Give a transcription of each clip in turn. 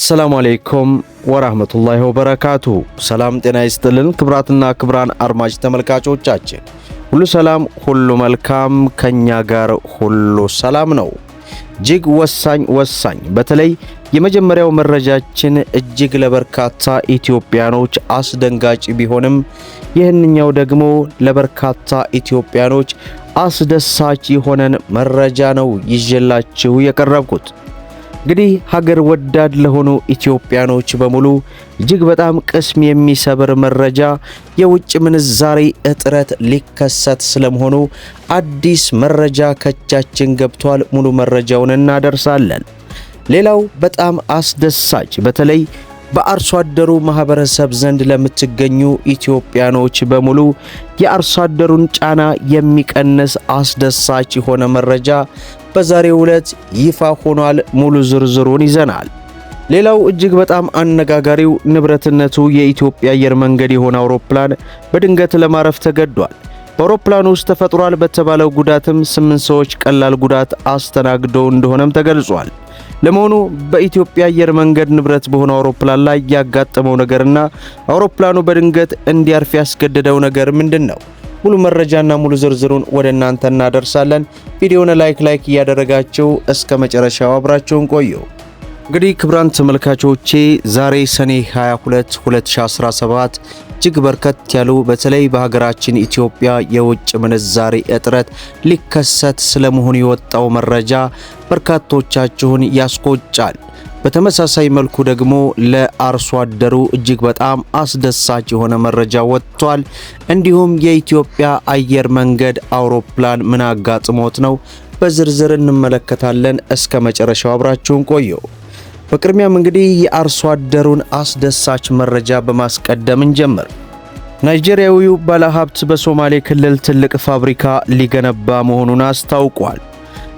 አሰላሙ አሌይኩም ወራህመቱላሂ ወበረካቱሁ። ሰላም ጤና ይስጥልን ክብራትና ክብራን አድማጭ ተመልካቾቻችን ሁሉ ሰላም፣ ሁሉ መልካም፣ ከኛ ጋር ሁሉ ሰላም ነው። እጅግ ወሳኝ ወሳኝ በተለይ የመጀመሪያው መረጃችን እጅግ ለበርካታ ኢትዮጵያኖች አስደንጋጭ ቢሆንም ይህንኛው ደግሞ ለበርካታ ኢትዮጵያኖች አስደሳች የሆነን መረጃ ነው ይዤላችሁ የቀረብኩት። እንግዲህ ሀገር ወዳድ ለሆኑ ኢትዮጵያኖች በሙሉ እጅግ በጣም ቅስም የሚሰብር መረጃ የውጭ ምንዛሪ እጥረት ሊከሰት ስለመሆኑ አዲስ መረጃ ከእጃችን ገብቷል። ሙሉ መረጃውን እናደርሳለን። ሌላው በጣም አስደሳች በተለይ በአርሶ አደሩ ማህበረሰብ ዘንድ ለምትገኙ ኢትዮጵያኖች በሙሉ የአርሶ አደሩን ጫና የሚቀንስ አስደሳች የሆነ መረጃ በዛሬው ዕለት ይፋ ሆኗል። ሙሉ ዝርዝሩን ይዘናል። ሌላው እጅግ በጣም አነጋጋሪው ንብረትነቱ የኢትዮጵያ አየር መንገድ የሆነ አውሮፕላን በድንገት ለማረፍ ተገዷል። በአውሮፕላኑ ውስጥ ተፈጥሯል በተባለው ጉዳትም ስምንት ሰዎች ቀላል ጉዳት አስተናግደው እንደሆነም ተገልጿል። ለመሆኑ በኢትዮጵያ አየር መንገድ ንብረት በሆነ አውሮፕላን ላይ ያጋጠመው ነገርና አውሮፕላኑ በድንገት እንዲያርፍ ያስገደደው ነገር ምንድን ነው? ሙሉ መረጃና ሙሉ ዝርዝሩን ወደ እናንተ እናደርሳለን። ቪዲዮውን ላይክ ላይክ እያደረጋችሁ እስከ መጨረሻው አብራችሁን ቆዩ። እንግዲህ ክብራን ተመልካቾቼ ዛሬ ሰኔ 22 2017 እጅግ በርከት ያሉ በተለይ በሀገራችን ኢትዮጵያ የውጭ ምንዛሬ እጥረት ሊከሰት ስለመሆኑ የወጣው መረጃ በርካቶቻችሁን ያስቆጫል። በተመሳሳይ መልኩ ደግሞ ለአርሶ አደሩ እጅግ በጣም አስደሳች የሆነ መረጃ ወጥቷል። እንዲሁም የኢትዮጵያ አየር መንገድ አውሮፕላን ምን አጋጥሞት ነው በዝርዝር እንመለከታለን። እስከ መጨረሻው አብራችሁን ቆዩ። በቅድሚያም እንግዲህ የአርሶ አደሩን አስደሳች መረጃ በማስቀደም እንጀምር። ናይጄሪያዊው ባለሀብት በሶማሌ ክልል ትልቅ ፋብሪካ ሊገነባ መሆኑን አስታውቋል።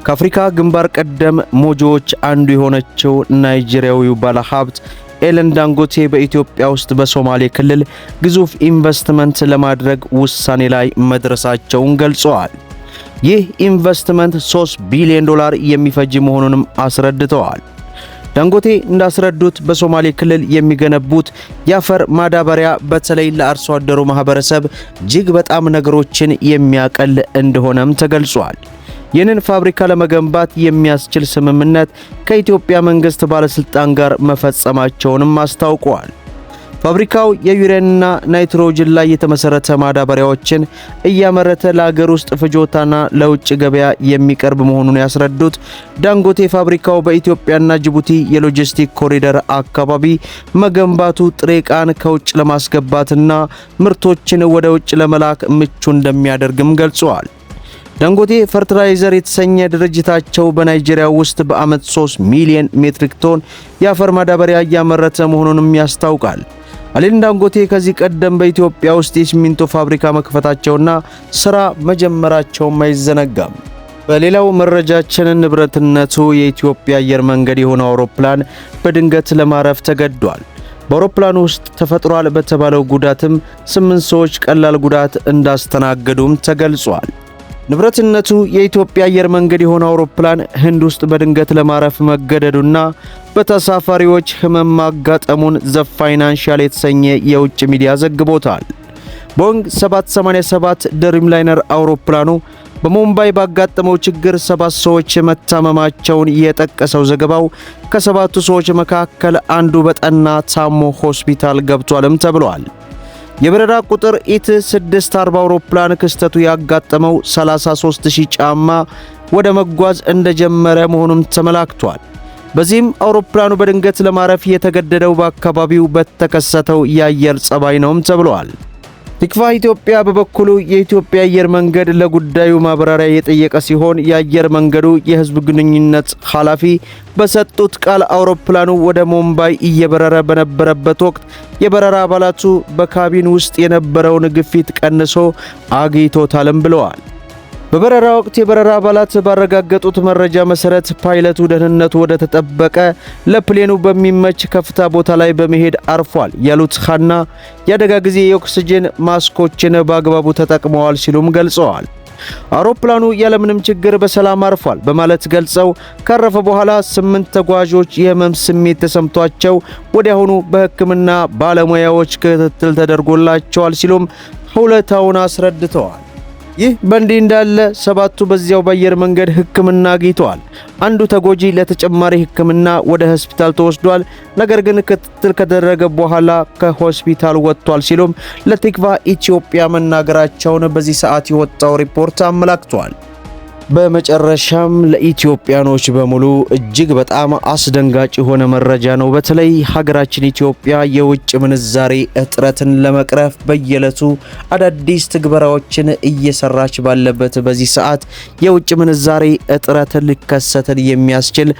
ከአፍሪካ ግንባር ቀደም ሞጆዎች አንዱ የሆነችው ናይጄሪያዊው ባለሀብት ኤለን ዳንጎቴ በኢትዮጵያ ውስጥ በሶማሌ ክልል ግዙፍ ኢንቨስትመንት ለማድረግ ውሳኔ ላይ መድረሳቸውን ገልጸዋል። ይህ ኢንቨስትመንት 3 ቢሊዮን ዶላር የሚፈጅ መሆኑንም አስረድተዋል። ዳንጎቴ እንዳስረዱት በሶማሌ ክልል የሚገነቡት የአፈር ማዳበሪያ በተለይ ለአርሶ አደሩ ማህበረሰብ እጅግ በጣም ነገሮችን የሚያቀል እንደሆነም ተገልጿል። ይህንን ፋብሪካ ለመገንባት የሚያስችል ስምምነት ከኢትዮጵያ መንግስት ባለስልጣን ጋር መፈጸማቸውንም አስታውቀዋል። ፋብሪካው የዩሬንና ናይትሮጅን ላይ የተመሰረተ ማዳበሪያዎችን እያመረተ ለሀገር ውስጥ ፍጆታና ለውጭ ገበያ የሚቀርብ መሆኑን ያስረዱት ዳንጎቴ ፋብሪካው በኢትዮጵያና ጅቡቲ የሎጂስቲክ ኮሪደር አካባቢ መገንባቱ ጥሬ ዕቃን ከውጭ ለማስገባትና ምርቶችን ወደ ውጭ ለመላክ ምቹ እንደሚያደርግም ገልጸዋል። ዳንጎቴ ፈርትላይዘር የተሰኘ ድርጅታቸው በናይጄሪያ ውስጥ በዓመት 3 ሚሊዮን ሜትሪክ ቶን የአፈር ማዳበሪያ እያመረተ መሆኑንም ያስታውቃል። አሌን ዳንጎቴ ከዚህ ቀደም በኢትዮጵያ ውስጥ የሲሚንቶ ፋብሪካ መክፈታቸውና ሥራ መጀመራቸውም አይዘነጋም። በሌላው መረጃችን ንብረትነቱ የኢትዮጵያ አየር መንገድ የሆነው አውሮፕላን በድንገት ለማረፍ ተገዷል። በአውሮፕላኑ ውስጥ ተፈጥሯል በተባለው ጉዳትም ስምንት ሰዎች ቀላል ጉዳት እንዳስተናገዱም ተገልጿል። ንብረትነቱ የኢትዮጵያ አየር መንገድ የሆነ አውሮፕላን ህንድ ውስጥ በድንገት ለማረፍ መገደዱና በተሳፋሪዎች ህመም ማጋጠሙን ዘ ፋይናንሻል የተሰኘ የውጭ ሚዲያ ዘግቦታል። ቦይንግ 787 ድሪም ላይነር አውሮፕላኑ በሙምባይ ባጋጠመው ችግር ሰባት ሰዎች መታመማቸውን የጠቀሰው ዘገባው ከሰባቱ ሰዎች መካከል አንዱ በጠና ታሞ ሆስፒታል ገብቷልም ተብሏል። የበረራ ቁጥር ኢት 640 አውሮፕላን ክስተቱ ያጋጠመው 33000 ጫማ ወደ መጓዝ እንደጀመረ መሆኑም ተመላክቷል። በዚህም አውሮፕላኑ በድንገት ለማረፍ የተገደደው በአካባቢው በተከሰተው የአየር ጸባይ ነውም ተብሏል። ቲክቫህ ኢትዮጵያ በበኩሉ የኢትዮጵያ አየር መንገድ ለጉዳዩ ማብራሪያ የጠየቀ ሲሆን የአየር መንገዱ የህዝብ ግንኙነት ኃላፊ በሰጡት ቃል አውሮፕላኑ ወደ ሙምባይ እየበረረ በነበረበት ወቅት የበረራ አባላቱ በካቢን ውስጥ የነበረውን ግፊት ቀንሶ አግኝቶታልም ብለዋል። በበረራ ወቅት የበረራ አባላት ባረጋገጡት መረጃ መሰረት ፓይለቱ ደህንነቱ ወደ ተጠበቀ ለፕሌኑ በሚመች ከፍታ ቦታ ላይ በመሄድ አርፏል ያሉት ኻና የአደጋ ጊዜ የኦክስጅን ማስኮችን በአግባቡ ተጠቅመዋል ሲሉም ገልጸዋል። አውሮፕላኑ ያለምንም ችግር በሰላም አርፏል በማለት ገልጸው ካረፈ በኋላ ስምንት ተጓዦች የህመም ስሜት ተሰምቷቸው ወዲያውኑ በሕክምና ባለሙያዎች ክትትል ተደርጎላቸዋል ሲሉም ሁለታውን አስረድተዋል። ይህ በእንዲህ እንዳለ ሰባቱ በዚያው በአየር መንገድ ሕክምና አግኝተዋል። አንዱ ተጎጂ ለተጨማሪ ሕክምና ወደ ሆስፒታል ተወስዷል። ነገር ግን ክትትል ከተደረገ በኋላ ከሆስፒታል ወጥቷል ሲሉም ለቲክቫ ኢትዮጵያ መናገራቸውን በዚህ ሰዓት የወጣው ሪፖርት አመላክቷል። በመጨረሻም ለኢትዮጵያኖች በሙሉ እጅግ በጣም አስደንጋጭ የሆነ መረጃ ነው። በተለይ ሀገራችን ኢትዮጵያ የውጭ ምንዛሬ እጥረትን ለመቅረፍ በየዕለቱ አዳዲስ ትግበራዎችን እየሰራች ባለበት በዚህ ሰዓት የውጭ ምንዛሬ እጥረትን ሊከሰትን የሚያስችል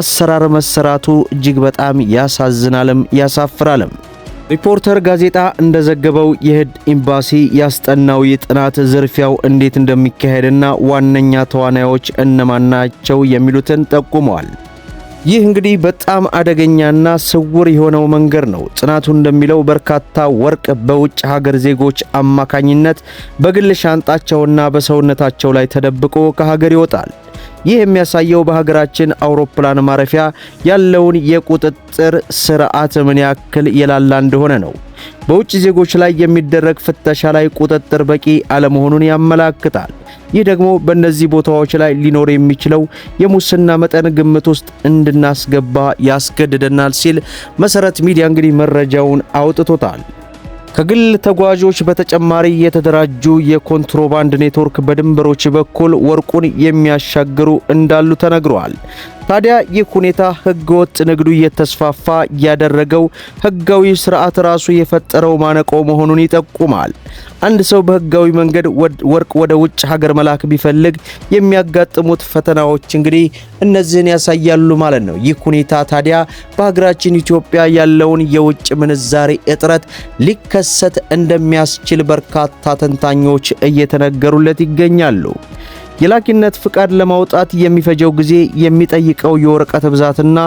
አሰራር መሰራቱ እጅግ በጣም ያሳዝናልም ያሳፍራልም። ሪፖርተር ጋዜጣ እንደዘገበው የህንድ ኤምባሲ ያስጠናው የጥናት ዝርፊያው እንዴት እንደሚካሄድና ዋነኛ ተዋናዮች እነማን ናቸው የሚሉትን ጠቁመዋል። ይህ እንግዲህ በጣም አደገኛና ስውር የሆነው መንገድ ነው። ጥናቱ እንደሚለው በርካታ ወርቅ በውጭ ሀገር ዜጎች አማካኝነት በግል ሻንጣቸውና በሰውነታቸው ላይ ተደብቆ ከሀገር ይወጣል። ይህ የሚያሳየው በሀገራችን አውሮፕላን ማረፊያ ያለውን የቁጥጥር ስርዓት ምን ያክል የላላ እንደሆነ ነው። በውጭ ዜጎች ላይ የሚደረግ ፍተሻ ላይ ቁጥጥር በቂ አለመሆኑን ያመላክታል። ይህ ደግሞ በእነዚህ ቦታዎች ላይ ሊኖር የሚችለው የሙስና መጠን ግምት ውስጥ እንድናስገባ ያስገድደናል ሲል መሰረት ሚዲያ እንግዲህ መረጃውን አውጥቶታል። ከግል ተጓዦች በተጨማሪ የተደራጁ የኮንትሮባንድ ኔትወርክ በድንበሮች በኩል ወርቁን የሚያሻግሩ እንዳሉ ተነግረዋል። ታዲያ ይህ ሁኔታ ህገወጥ ንግዱ እየተስፋፋ ያደረገው ህጋዊ ስርዓት ራሱ የፈጠረው ማነቆ መሆኑን ይጠቁማል። አንድ ሰው በህጋዊ መንገድ ወርቅ ወደ ውጭ ሀገር መላክ ቢፈልግ የሚያጋጥሙት ፈተናዎች እንግዲህ እነዚህን ያሳያሉ ማለት ነው። ይህ ሁኔታ ታዲያ በሀገራችን ኢትዮጵያ ያለውን የውጭ ምንዛሬ እጥረት ሊከሰት እንደሚያስችል በርካታ ተንታኞች እየተነገሩለት ይገኛሉ። የላኪነት ፍቃድ ለማውጣት የሚፈጀው ጊዜ፣ የሚጠይቀው የወረቀት ብዛትና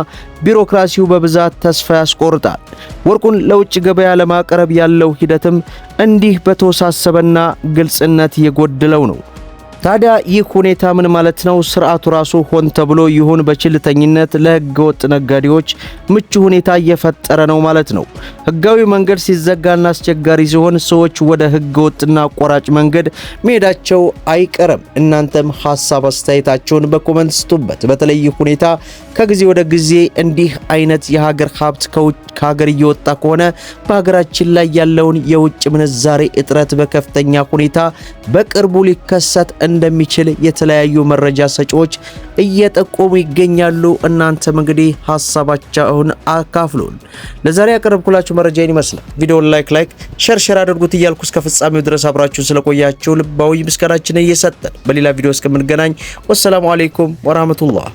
ቢሮክራሲው በብዛት ተስፋ ያስቆርጣል። ወርቁን ለውጭ ገበያ ለማቅረብ ያለው ሂደትም እንዲህ በተወሳሰበና ግልጽነት የጎደለው ነው። ታዲያ ይህ ሁኔታ ምን ማለት ነው? ስርዓቱ ራሱ ሆን ተብሎ ይሁን በችልተኝነት ለህገ ወጥ ነጋዴዎች ምቹ ሁኔታ እየፈጠረ ነው ማለት ነው። ህጋዊ መንገድ ሲዘጋና አስቸጋሪ ሲሆን ሰዎች ወደ ህገ ወጥና አቋራጭ መንገድ መሄዳቸው አይቀርም። እናንተም ሀሳብ አስተያየታቸውን በኮመንት ስጡበት። በተለይ ሁኔታ ከጊዜ ወደ ጊዜ እንዲህ አይነት የሀገር ሀብት ከሀገር እየወጣ ከሆነ በሀገራችን ላይ ያለውን የውጭ ምንዛሬ እጥረት በከፍተኛ ሁኔታ በቅርቡ ሊከሰት እንደሚችል የተለያዩ መረጃ ሰጪዎች እየጠቆሙ ይገኛሉ። እናንተም እንግዲህ ሀሳባቸውን አካፍሉን። ለዛሬ ያቀረብኩላችሁ መረጃ ይመስላል። ቪዲዮን ላይክ ላይክ ሸር ሸር አድርጉት እያልኩ እስከ ፍጻሜው ድረስ አብራችሁን ስለቆያችሁ ልባዊ ምስጋናችንን እየሰጠን በሌላ ቪዲዮ እስከምንገናኝ ወሰላሙ አሌይኩም ወራህመቱላህ